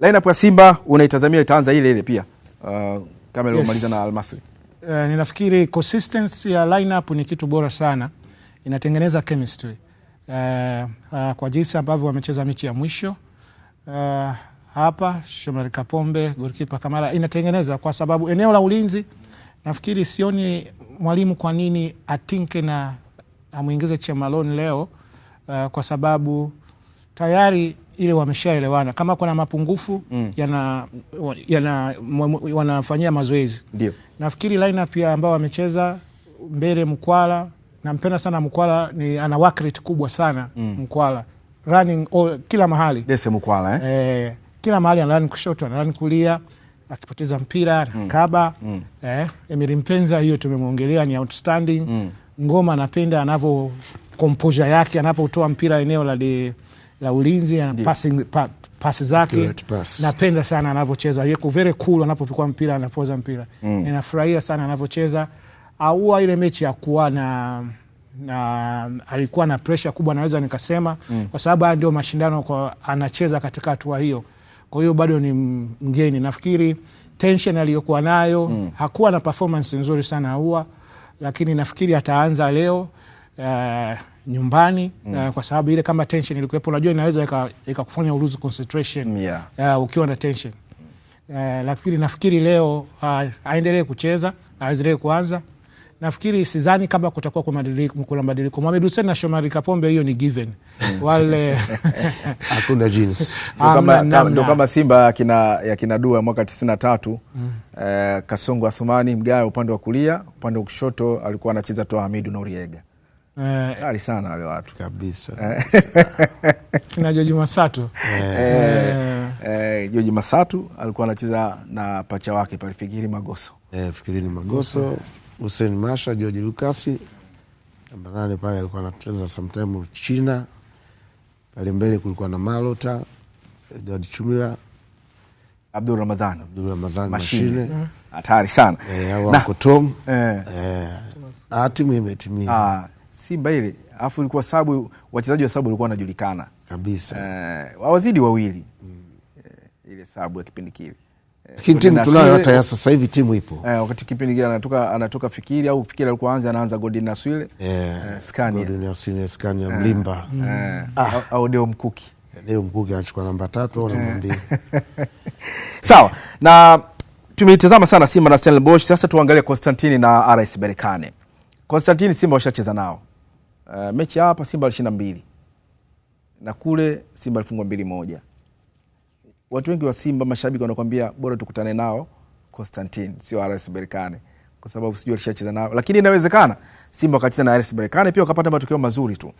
lineup ya Simba unaitazamia itaanza ile ile pia uh, kama ilivyomaliza yes. na Almasri. Uh, ninafikiri consistency ya lineup ni kitu bora sana, inatengeneza chemistry uh, uh, kwa jinsi ambavyo wamecheza mechi ya mwisho uh, hapa Shomari Kapombe golikipa Kamara inatengeneza kwa sababu eneo la ulinzi, nafikiri sioni mwalimu kwa nini atinke na amwingize Chemalon leo uh, kwa sababu tayari ile wameshaelewana, kama kuna mapungufu mm. wanafanyia mazoezi. Nafikiri lineup ya ambao wamecheza mbele, Mkwala nampenda sana Mkwala, ni ana work kubwa sana mm. Mkwala running all, kila mahali Dese Mkwala, eh? Eh, kila mahali ana run kushoto, ana run kulia akipoteza mpira nakaba mm. mm. eh, Emiri Mpenza hiyo tumemwongelea ni outstanding mm. Ngoma anapenda anavyo kompoja yake anapotoa mpira eneo la de la ulinzi na passing, pa, pasi zake pass. Napenda sana anavyocheza, yuko very cool anapopikwa mpira, anapoza mpira mm. Ninafurahia sana anavyocheza. Aua ile mechi ya kuwa na na alikuwa na presha kubwa, naweza nikasema mm. kwa sababu haya ndio mashindano kwa anacheza katika hatua hiyo, kwa hiyo bado ni mgeni. Nafikiri tension aliyokuwa nayo mm. hakuwa na performance nzuri sana Aua, lakini nafikiri ataanza leo uh, nyumbani mm. Uh, kwa sababu ile kama tension ilikuwepo, unajua inaweza ikakufanya uruzi concentration yeah. Uh, ukiwa na tension uh, lakini nafikiri leo uh, aendelee kucheza aendelee kuanza. Nafikiri sidhani kama kutakuwa kwa kuna mabadiliko. Mohamed Hussein na Shomari Kapombe, hiyo ni given mm. wale hakuna jinsi, ndo kama Simba kina, ya kina Dua mwaka 93 mm. Eh, Kasongo Athumani Mgaya upande wa kulia, upande wa kushoto alikuwa anacheza Toa Hamidu na Uriega. Eh. Kali sana wale watu kabisa. Eh. Kina Joji Masatu, Eh, Joji eh. Masatu alikuwa anacheza na pacha wake pale Fikiri Magoso, eh, Fikirini Magoso, Hussein Masha, George Lucas namba nane pale alikuwa anacheza sometime China pale mbele, kulikuwa na Malota, Edward Chumila, Abdul Ramadhan, Abdul Ramadhan Mashine, hatari sana, eh, wako Tom, eh, Ah, timu imetimia Ah, Simba ile, alafu ilikuwa sabu, wachezaji wa sabu walikuwa wanajulikana kabisa, wawazidi eh, wawili mm. ile sabu ya kipindi kile eh, lakini timu tunayo hata ya sasa hivi timu ipo eh, wakati kipindi kile anatoka anatoka Fikiri au Fikiri alikuwa anza anaanza Godin Naswile yeah, eh, Scania Godin Naswile Scania eh, Mlimba eh, ah, au Deo Mkuki Deo Mkuki anachukua namba tatu au namba mbili sawa. Na tumeitazama sana Simba na Stellenbosch, sasa tuangalie Konstantini na RS Berkane. Konstantini, Simba washacheza nao uh, mechi hapa Simba alishinda mbili na kule Simba alifungwa mbili moja. Watu wengi wa Simba mashabiki wanakwambia bora tukutane nao Constantine, sio RS Berkane kwa sababu sijui alishacheza nao, lakini inawezekana Simba wakacheza na RS Berkane pia wakapata matokeo mazuri tu.